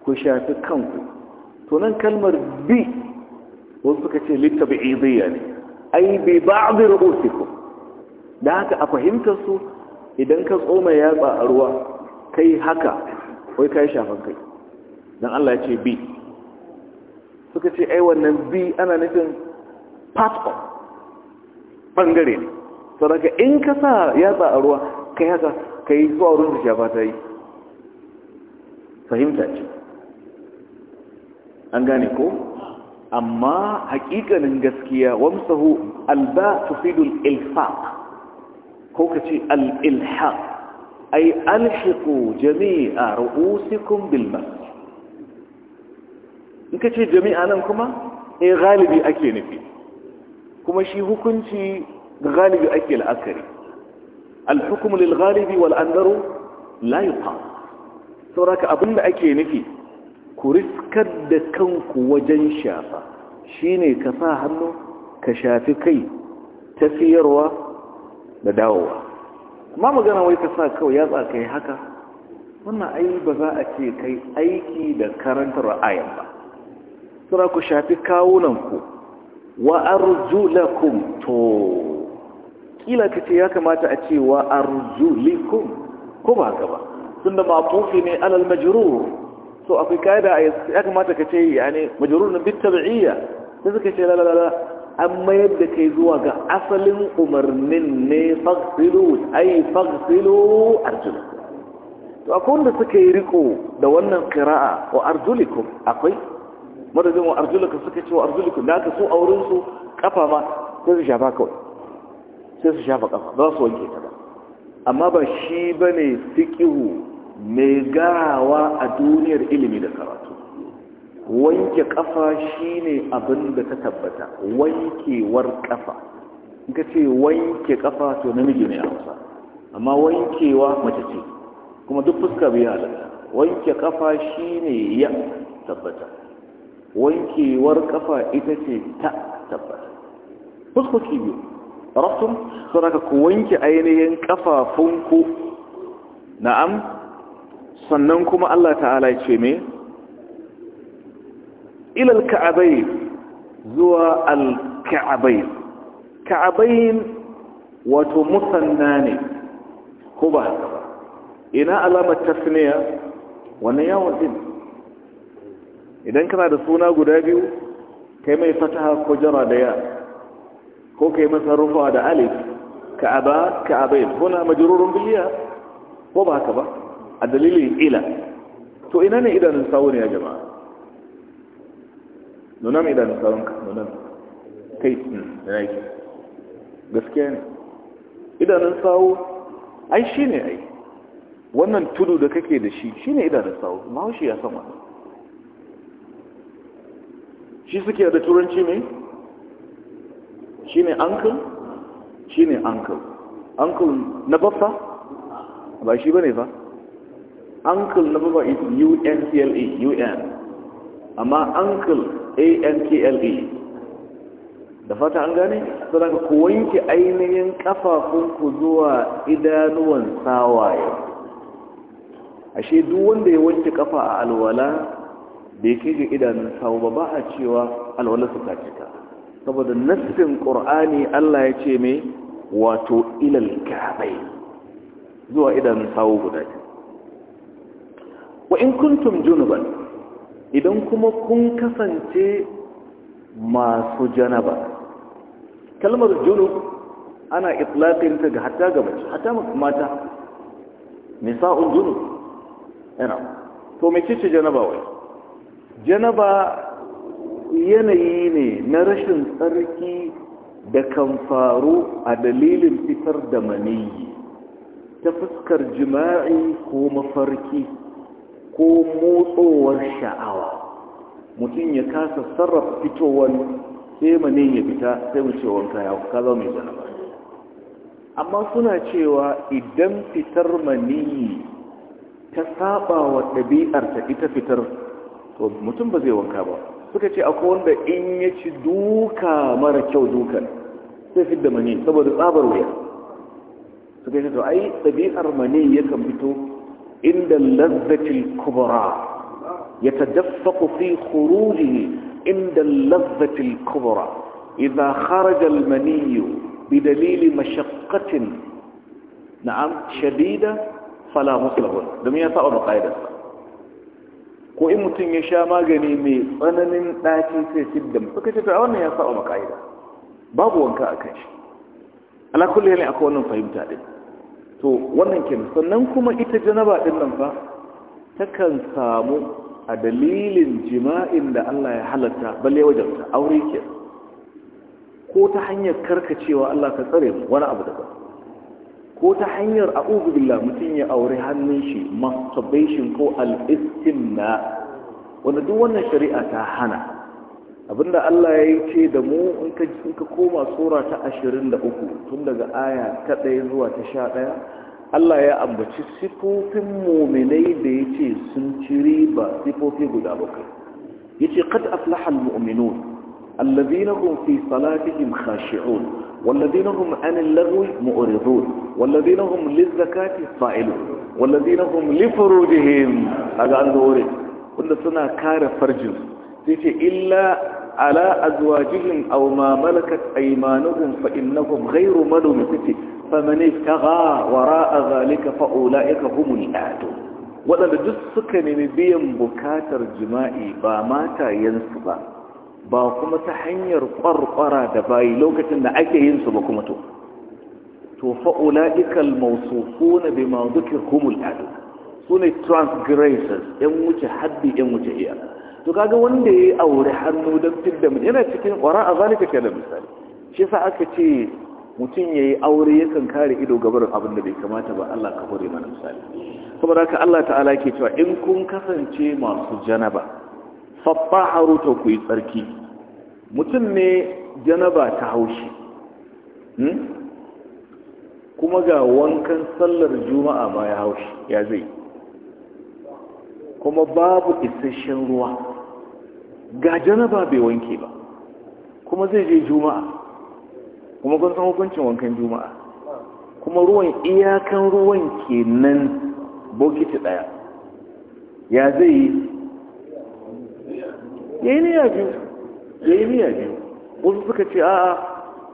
ku shafi kanku to nan kalmar bi wasu suka ce littabi'idiyya ne ai bi ba'd ru'usikum da haka a fahimtar su idan ka tsoma yatsa a ruwa kai haka wai kai shafan kai dan Allah ya ce bi suka ce ai wannan bi ana nufin part of bangare ne saraka in ka sa yatsa a ruwa kai haka ka yi zuwa wurin da ba ta yi fahimta ce an gane ko amma hakikanin gaskiya wamsahu alba tufidul ilfaq ko ka ce al-ilhaq ay alhiqu jami'a ru'usikum bil in ka ce jami'a nan kuma eh galibi ake nufi kuma shi hukunci ga galibi ake la'akari alhukum lil galibi wal andaru la yuqa sauraka abinda ake nufi ku riskar da kanku wajen shafa shine ka sa hannu ka shafi kai tafiyarwa da dawowa Ma magana wai ka sa kawai ya tsaka yi haka wannan ai ba za a ce kai aiki da karantar ra'ayin ba sura ku shafi kawunanku wa arjulakum to kila ka ce ya kamata a ce wa arjulikum ko ba haka ba tun da mafufi ne alal majrur so akwai kaida a ya kamata ka ce yani majirur na bit tab'iyya sai suka ce lalala la la an mayar da kai zuwa ga asalin umarnin ne faghsilu ay faghsilu arjulakum to a wanda suka yi riko da wannan qira'a wa arjulikum akwai madadin wa arjulakum suka ce wa arjulikum da aka so auren su kafa ma sai su shafa kawai sai su shafa ƙafa ba su wanke ta ba amma ba shi ba ne fiƙihu mai gawa a duniyar ilimi da karatu wanke ƙafa shi ne abin da ta tabbata wankewar ƙafa. in ka ce wanke ƙafa to namiji ne a wasa amma wankewa mace ce kuma duk fuska biya da, wanke ƙafa shi ne ya tabbata wankewar ƙafa ita ce ta tabbata fuskoki biyu raftum suna ka ku wanke ainihin kafafunku na'am sannan kuma Allah ta'ala ce me ilal ka'abai zuwa al-ka'abai ka'abai wato musanna ne ko ina alamar tasniya wannan yawon din idan kana da suna guda biyu kai mai fataha ko jara da ko kai masa rufa da alif ka'aba ka'abain huna majrurun bil ya ko ba haka ba a dalilin ila to ina ne idanun sawu ne ya jama'a nuna mai idanun sawun ka nuna kai da hmm, yake gaskiya ne idanun sawu ai shi ne ai wannan tudu da kake da shi shi ne idanun sawu ma ya san wani shi suke da turanci mai shi ne uncle shi ne uncle uncle na baffa ba shi ba ne ba uncle na baffa is uncle un amma uncle ankle da fata an gane suna ka kowanke ainihin kafafunku zuwa idanuwan tsawaye ashe duk wanda ya wanke kafa a alwala da ya kai ga idanun sawo ba ba a cewa su ta cika saboda nassin qur'ani Allah ya ce me wato ilal ka'bai zuwa idan sawo guda wa in kuntum junuban idan kuma kun kasance masu janaba kalmar junub ana itlaqin ta ga hatta ga mace hatta mata nisa'un junub yana to mece ce janaba wai janaba yanayi ne na rashin tsarki da kan faru a dalilin fitar da maniyi ta fuskar jima'i ko mafarki ko motsowar sha'awa mutum ya kasa sarrafa fitowar sai maniyi fita sai wuce wanka ya ka zo mai janaba amma suna cewa idan fitar maniyi ta saba wa ɗabi'ar ta ita fitar to mutum ba zai wanka ba suka ce akwai wanda in ya ci duka mara kyau dukan sai fi da mani saboda tsabar wuya suka ce to ai ɗabi'ar mani ya kan fito inda lazzatil kubara ya ta tadaffaku fi khurujihi inda lazzatil kubara idan kharaja mani yi bi dalili mashaqqatin na'am shadida fala muslahu domin ya sa'o da ƙa'idarsa ko in mutum ya sha magani mai tsananin ɗaki sai da suka ce ta wannan ya saba maka'ida babu wanka a kan shi ala kulli halin akwai wannan fahimta ɗin to wannan kenan sannan kuma ita janaba ɗin nan fa takan samu a dalilin jima'in da Allah ya halatta balle wajen ta aure ke ko ta hanyar karkacewa Allah ka tsare wani abu daban ko ta hanyar a ubilla mutum ya aure hannun shi masturbation ko al-istimna wanda duk wannan shari'a ta hana abinda Allah ya ce da mu in ka koma sura ta 23 tun daga aya ta ɗaya zuwa ta 11 Allah ya ambaci sifofin mu'minai da yace sun ciri ba sifofi guda bakwai yace qad aflaha al-mu'minun الذين هم في صلاتهم خاشعون والذين هم عن اللغو مؤرضون والذين هم للزكاة فاعلون والذين هم لفروجهم هذا عن ظهورهم قلنا سنة كار فرج تيتي إلا على أزواجهم أو ما ملكت أيمانهم فإنهم غير ملوم تيتي فمن ابتغى وراء ذلك فأولئك هم الآدون ولا لجسك من بيم بكاتر جمائي باماتا ينصبا ba kuma ta hanyar ƙwarƙwara da bayi lokacin da ake yin su ba kuma to to fa'ula'ikal mausufuna bi ma zukir kumul adu su ne transgressors yan wuce haddi yan wuce iya to kaga wanda ya yi aure hannu don fidda mu yana cikin ƙwara a zalika ke da misali shi sa aka ce mutum ya yi aure yakan kare ido gabarin abin da bai kamata ba Allah ka hore mana misali saboda haka Allah ta'ala ke cewa in kun kasance masu janaba fattaharu to ku yi tsarki mutum ne janaba ta haushi hmm? kuma ga wankan sallar juma'a ba ya haushi ya zai kuma babu isasshen ruwa ga janaba bai wanke ba kuma zai je juma'a kuma kun san hukuncin wankan juma'a kuma ruwan iyakan ruwan kenan bokiti daya ya zai ya biyu ya biyu wasu suka ce a'a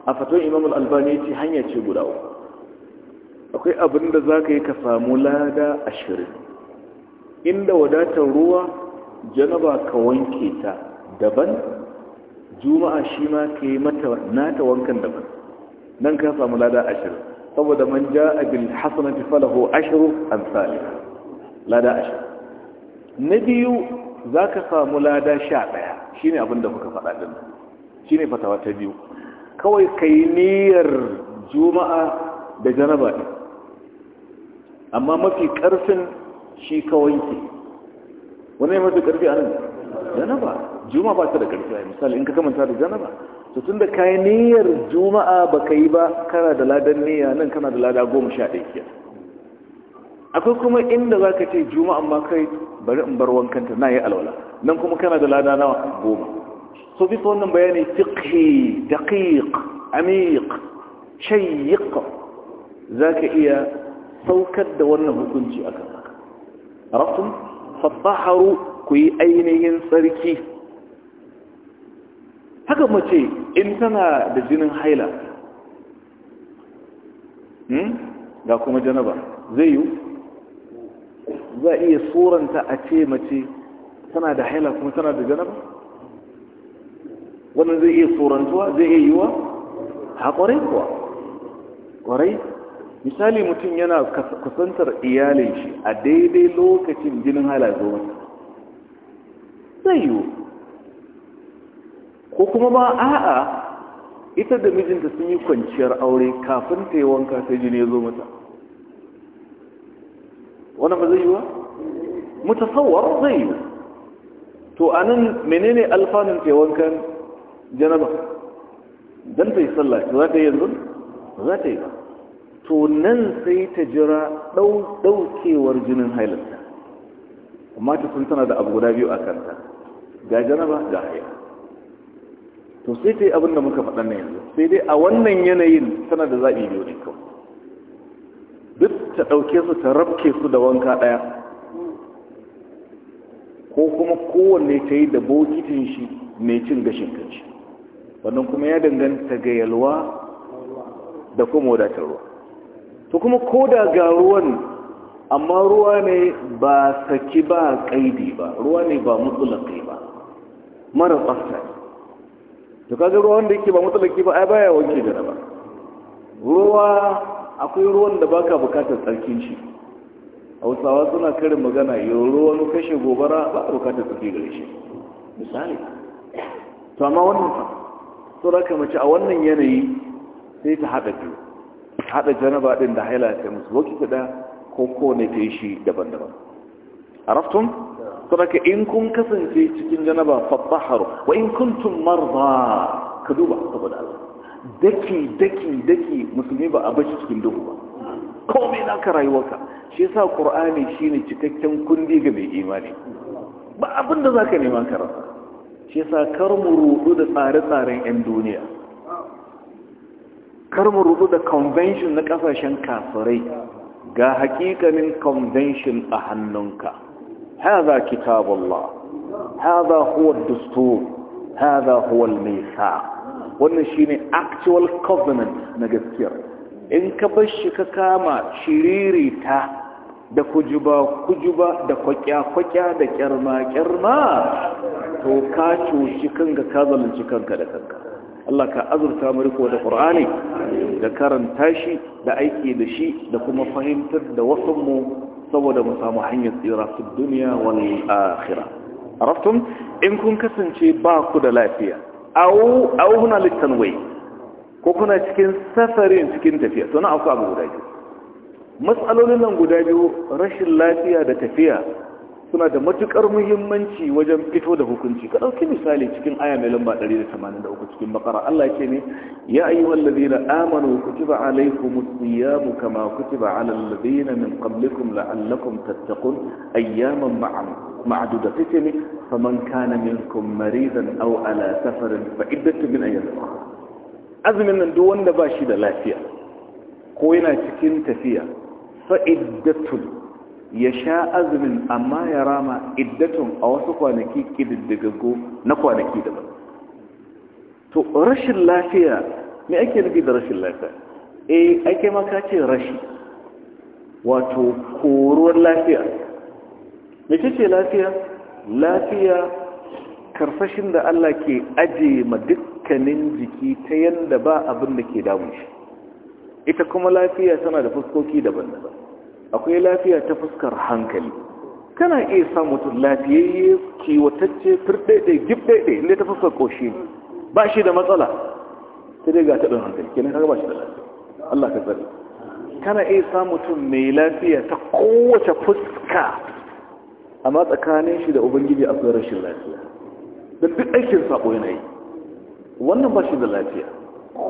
a fatan imam al'albani ce hanya ce guda uku akwai abin da za ka yi ka samu lada ashirin inda wadatar ruwa janaba ka wanke ta daban juma'a shi ma ka yi mata nata wankan daban nan ka samu lada ashirin saboda man ja abin hasanati falahu ashiru an lada ashirin na biyu za ka samu lada sha ɗaya shi ne abin da kuka faɗa ɗin shi ne fatawa ta biyu kawai ka yi niyyar juma'a da janaba ɗin amma mafi ƙarfin shi ka wanke wani ne mafi ƙarfi a nan janaba juma'a ba ta da ƙarfi a misali in ka kamanta da janaba to tun da ka yi niyyar juma'a ba ka yi ba kana da ladan niyya nan kana da lada goma sha ɗaya akwai kuma inda za ka ce juma'an ma kai bari in bar wankanta na yi alwala nan kuma kana da lada nawa goma so bisa wannan bayani fiqhi daqiq amiq shayyiq za ka iya saukar da wannan hukunci kan haka rafin fataharu ku yi ainihin tsarki haka mace in tana da jinin haila hmm, ga kuma janaba zai yiwu. za a iya suranta a ce mace tana da haila kuma tana da janaba wannan zai iya tsorantuwa zai iya yiwa haƙwarai kuwa ƙwarai misali mutum yana kusantar iyalin shi a daidai lokacin jinin hala zuwa zai yiwu ko kuma ba a'a ita da mijinta sun yi kwanciyar aure kafin ta yi wanka sai jini ya zo mata wani ba zai yi wa mutasawar zai yi to a nan menene alfanun ke wankan janaba dan ta yi sallah za ta yanzu za ta yi ba to nan sai ta jira daukewar jinin hailanta amma ta sun tana da abu guda biyu a kanta ga janaba ga haya. to sai ta yi abin da muka faɗa na yanzu sai dai a wannan yanayin tana da zaɓi biyu ne kawai duk ta ɗauke su ta rabke su da wanka ɗaya ko kuma kowanne ta yi da bokitin shi mai cin gashin kanci wannan kuma ya danganta ga yalwa da kuma wadatar ruwa to kuma ko da ga ruwan amma ruwa ne ba saki ba kaidi ba ruwa ne ba mutsulaki ba mara tsafta to kaga ruwan da yake ba mutsulaki ba ai baya wanke jaraba ruwa akwai ruwan da baka bukatar tsarkin shi hausawa suna karin magana yau ruwan kashe gobara ba a bukatar tsarki gare shi misali to amma wannan fa to ka mace a wannan yanayi sai ta haɗa biyu haɗa janaba ɗin da haila ta musu wakil da ko kone ta yi shi daban-daban a raftun ka in kun kasance cikin janaba fattaharu wa in kuntum marda ka duba saboda Allah daki daki daki musulmi ba a bashi cikin duhu ba komai naka rayuwarka shi yasa qur'ani shine cikakken kundi ga mai imani ba abin da zaka nema ka rasa shi yasa kar mu rudu da tsare-tsaren yan duniya kar mu rudu da convention na kasashen kafirai ga hakikanin convention a hannunka hadha kitabullah hadha huwa ad-dustur hadha huwa al-mithaq wannan shi ne actual covenant na gaskiya in ka bar shi ka kama shiririta da kujuba kujuba da kwakya kwakya da kyarma kyarma to ka cuci kanka ka zalunci kanka da kanka Allah ka azurta mu riko da Qur'ani da karanta shi da aiki da shi da kuma fahimtar da wasanmu saboda mu samu hanyar tsira su duniya wal akhirah araftum in kun kasance ba ku da lafiya au huna littan wai. ko kuna cikin safarin cikin tafiya to na akwai abu guda biyu matsalolin nan guda biyu rashin lafiya da tafiya suna da matukar muhimmanci wajen fito da hukunci ka dauki misali cikin aya mai lamba 183 cikin bakara Allah yake ne ya ayyuhal ladina amanu kutiba alaykumus siyam kama kutiba alal ladina min qablikum la'allakum tattaqun ayyaman ma'dudat tisni faman kana minkum maridan aw ala safarin fa iddatu min ayyamin ukhra azumin nan duk wanda bashi da lafiya ko yana cikin tafiya fa iddatu ya sha azumin amma ya rama iddatun a wasu kwanaki kididdigaggo na kwanaki daban to rashin lafiya me ake nufi da rashin lafiya eh ake maka ce rashi wato koruwar lafiya mece ce lafiya lafiya karfashin da Allah ke aje ma dukkanin jiki ta yadda ba abin da ke damun shi ita kuma lafiya tana da fuskoki daban-daban akwai lafiya ta fuskar hankali kana iya sa mutum lafiyayye kiwatacce firɗaiɗe gibɗaiɗe inda ta fuskar ƙoshi ba shi da matsala ta dai ga taɗin hankali kenan kaga ba shi da lafiya Allah ka tsari. kana iya sa mutum mai lafiya ta kowace fuska amma tsakanin shi da ubangiji a tsoron rashin lafiya da duk aikin saƙo yana yi wannan ba shi da lafiya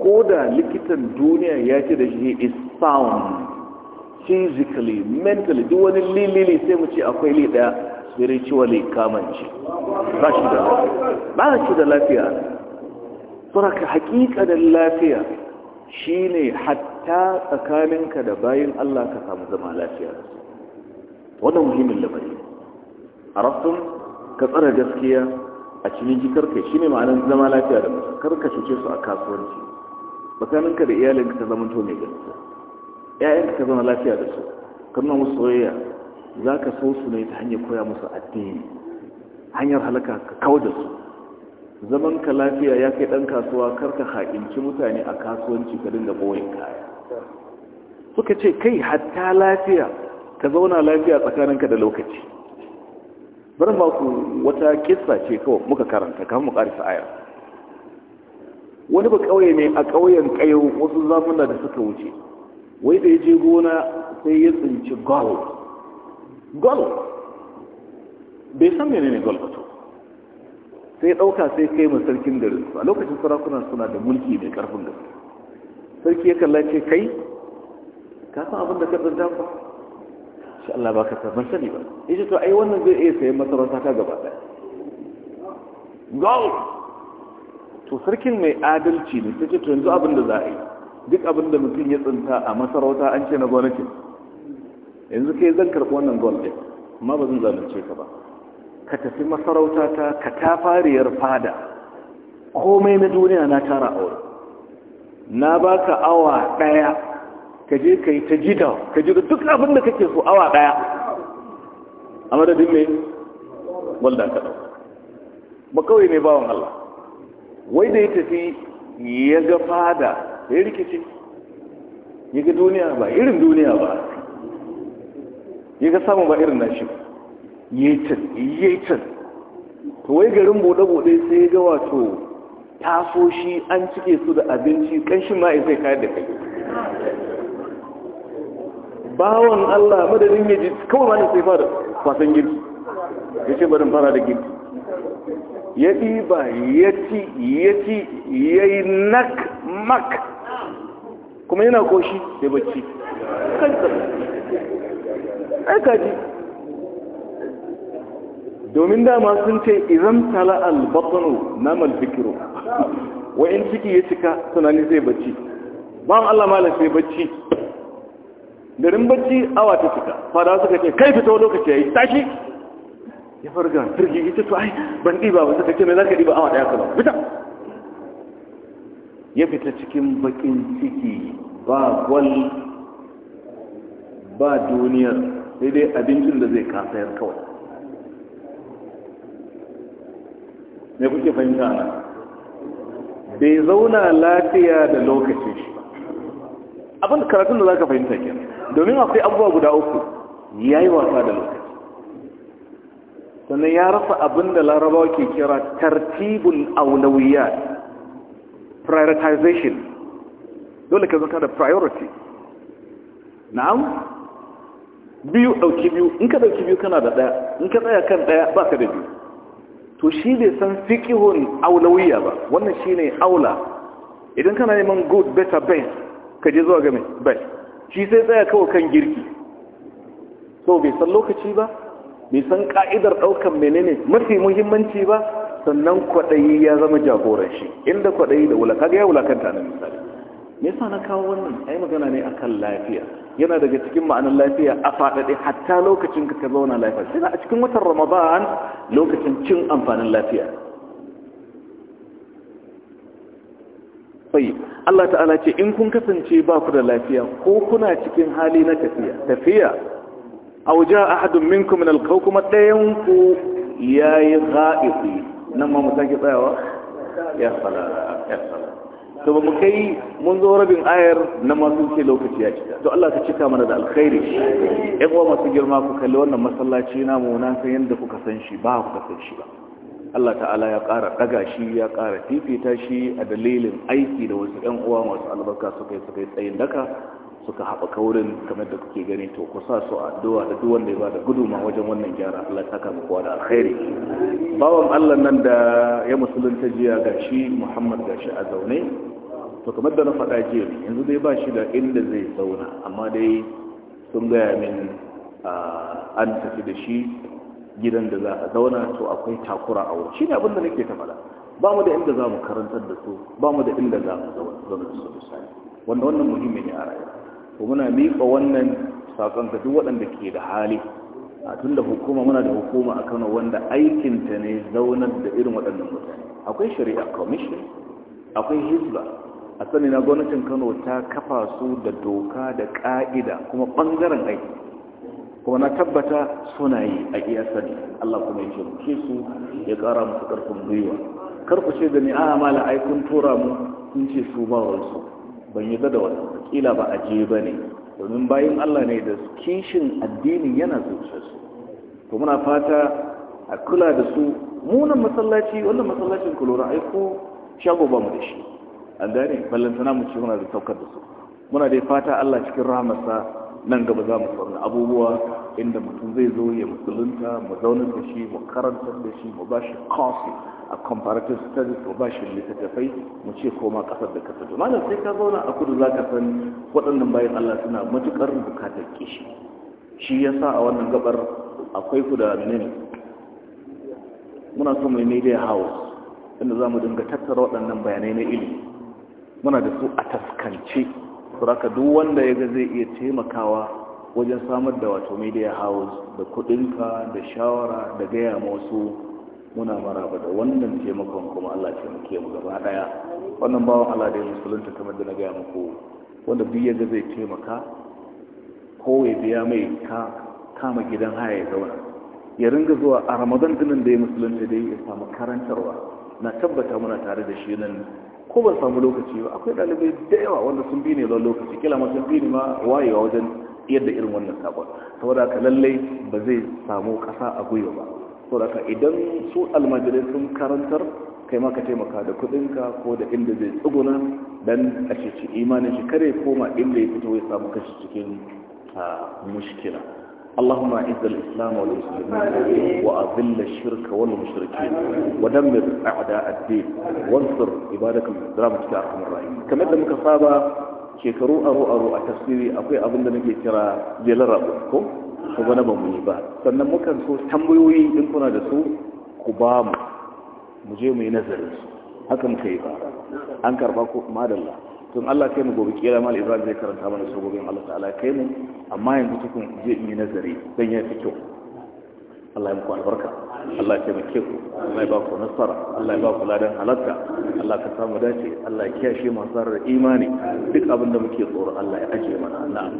ko da likitan duniya ya ce da shi is sound physically mentally duk wani lilili sai mu ce akwai li daya spiritually kaman ba da ba shi da lafiya saboda hakika da lafiya shine hatta tsakaninka da bayin Allah ka samu zama lafiya wannan muhimmin labari arabtum ka tsara gaskiya a cikin jikarka shine ma'anar zama lafiya da karka shuce su a kasuwanci tsakaninka da iyalinka ta zama to mai gaskiya Ya'yan ka zama lafiya da su ka nuna musu soyayya za ka so su ne ta hanyar koya musu addini hanyar halaka ka kawo da su zaman ka lafiya ya kai ɗan kasuwa kar ka haƙinci mutane a kasuwanci ka dinga ɓoyin kaya suka ce kai hatta lafiya ka zauna lafiya tsakaninka da lokaci bari ba ku wata ƙisa ce kawai muka karanta kamar mu ƙarfi aya wani ba ƙauye ne a ƙauyen ƙayo wasu zamuna da suka wuce wai da ya je gona sai ya tsinci gol gol bai san mene ne gol ba to sai ɗauka sai kai ma sarkin da garin a lokacin sarakunan suna da mulki mai ƙarfin da sarki ya kalla ce kai ka san abin da ka zanta ba shi Allah ba ka san sani ba ya to ai wannan zai iya sayan masarauta ka gaba ɗaya gol to sarkin mai adalci ne sai ce to yanzu abin da za a yi duk abin da mutum ya tsinta a masarauta an ce na gwamnati yanzu kai zan karɓi wannan gold ɗin amma ba zan zalunce ka ba ka tafi masarauta ta ka fariyar fada komai na duniya na tara aure na baka awa ɗaya ka je ka yi ta jida ka jida duk abin da kake so awa ɗaya a madadin mai walda ka ɗau ba kawai ne bawan Allah wai da ya tafi ya ga fada da ya rikice ya ga duniya ba irin duniya ba ya ga samun ba irin nashi yaitan yaitan to wai garin bude-bude sai ga wato tasoshi an cike su da abinci kanshin ma'a zai kayar da kai bawon Allah madadin ya ji kawai ma sai fara kwasan girki ya ce barin fara da girki ya ɗiba ya ci ya ci ya yi nak mak kuma yana koshi da bacci ai kaji domin dama sun ce idan tala albatano na Wa wa'in ciki ya cika tunani zai bacci ba an Allah da sai bacci garin bacci awa ta cika fada suka ce kai fito lokaci ya yi tashi ya farga firgi ita to ai ban ɗiba ba suka ce me zaka diba awa ɗaya kuma fita ya fita cikin bakin ciki ba gwal ba duniyar sai dai abincin da zai kasayar kawai ne kuke fahimta na bai zauna lafiya da lokacin shi abin karatun da za ka fahimta ke domin akwai abubuwa guda uku ya yi wasa da lokaci sannan ya rasa abin da larabawa ke kira tartibul aulawiyat prioritization dole ka zaka da priority na'am biyu ɗauki biyu in ka ɗauki biyu kana da ɗaya in ka tsaya kan ɗaya ba ka da biyu to shi bai san fiqhun aulawiya ba wannan shi aula idan kana neman good better best ka je zuwa ga me best shi sai tsaya kawai kan girki so bai san lokaci ba bai san ka'idar ɗaukan menene mafi muhimmanci ba sannan kwaɗayi ya zama jagoran shi inda kwaɗayi da wula kaga ya wulakanta na misali me yasa na kawo wannan ai magana ne akan lafiya yana daga cikin ma'anar lafiya a faɗaɗe hatta lokacin ka zauna lafiya sai a cikin watan ramadan lokacin cin amfanin lafiya sai Allah ta'ala ce in kun kasance ba ku da lafiya ko kuna cikin hali na tafiya tafiya aw jaa ahadun minkum min al-qawm kuma dayan ku yayi ghaibi nan ma mu tsayawa ya sala ya sala to ba mu kai mun zo rabin ayar na masu ce lokaci ya cika to Allah ta cika mana da alkhairi ƴan uwa masu girma ku kalli wannan masallaci mu na san yadda kuka san shi ba kuka san shi ba Allah ta'ala ya ƙara ɗaga shi ya ƙara fifita shi a dalilin aiki da wasu ƴan uwa masu albarka suka yi suka yi tsayin daka suka haɓaka wurin kamar da kuke gani to ku sa su addu'a da duk wanda ya bada guduma wajen wannan gyara Allah ta kama kowa da alkhairi bawan Allah nan da ya musulunta jiya ga shi Muhammad shi a zaune to kamar da na faɗa jiya ne yanzu dai ba shi da inda zai zauna amma dai sun gaya min an tafi da shi gidan da za a zauna to akwai takura a Shi shine abin da nake ta faɗa ba mu da inda za mu karantar da su ba mu da inda za mu zauna da su misali wanda wannan muhimmi ne a rayuwa to muna miƙa wannan sakan ka duk waɗanda ke da hali a tun da hukuma muna da hukuma a kano wanda aikinta ne zaunar da irin waɗannan mutane akwai shari'a commission akwai hizba a sani na gwamnatin kano ta kafa su da doka da ƙa'ida kuma ɓangaren aiki kuma na tabbata suna yi a iya sani allah kuma ya ce su ya ƙara musu ƙarfin gwiwa kar ku ce da ni a mala aikun kun tura mu kun ce su ba wasu ban yi da wani kila ba a aje ba ne domin bayan Allah ne da kishin addinin yana zuciyarsu to muna fata a kula da su munan masallaci wannan masallacin kulura aiko shago ba mu da shi an gane ballantana mu ce muna da saukar da su muna dai fata Allah cikin rahamarsa nan gaba za mu saurari abubuwa inda mutum zai zo ya musulunta mu zauna da shi mu karantar da shi mu ba shi kawai a comparative studies ko shi littattafai mu ce koma kasar da kasar malam sai ka zauna a kudu za ka san waɗannan bayan Allah suna matuƙar bukatar kishi shi ya sa a wannan gabar akwai ku da menene muna son mai media house inda za mu dinga tattara waɗannan bayanai na ilimi muna da su a taskance suraka duk wanda ya ga zai iya taimakawa wajen samar da wato media house da kuɗinka da shawara da gaya ma wasu muna maraba da wannan taimakon kuma Allah ce muke mu gaba daya wannan bawan Allah da ya musulunta kamar da na gaya muku wanda duk yadda zai taimaka ko ya biya mai kama gidan haya ya zauna ya ringa zuwa a ramadan dinin da ya musulunta dai ya samu karantarwa na tabbata muna tare da shi nan ko ba samu lokaci ba akwai ɗalibai da yawa wanda sun bi ne zuwa lokaci kila ma sun bi ne ma wayewa wajen yadda irin wannan sakon saboda ka lallai ba zai samu ƙasa a gwiwa ba saboda idan su almajirai sun karantar kai maka taimaka da kudinka ko da inda zai tsuguna don a imanin shi kare koma inda ya fito ya samu kashi cikin mushkila اللهم اعز الاسلام والمسلمين واذل الشرك والمشركين da اعداء الدين وانصر عبادك الاسلام في ارحم الراحمين كما لم كفابا شكروا ارو ارو التفسير اكو ابن نجي كرا جلرا ko gane ba mu yi ba sannan mukan so tambayoyi in kuna da su ku ba mu mu je mu yi nazarin su haka mu kai ba an karba ko madalla tun Allah kai mu gobe kira mal Ibrahim zai karanta mana su gobe Allah ta'ala kai mu amma yanzu tukun je mu yi nazari dan ya fi kyau Allah ya muku albarka Allah ya taimake ku Allah ya ba ku nasara Allah ya ba ku ladan halatta Allah ka samu dace Allah ya kiyashe masu imani duk abin da muke tsoro Allah ya ajiye mana Allah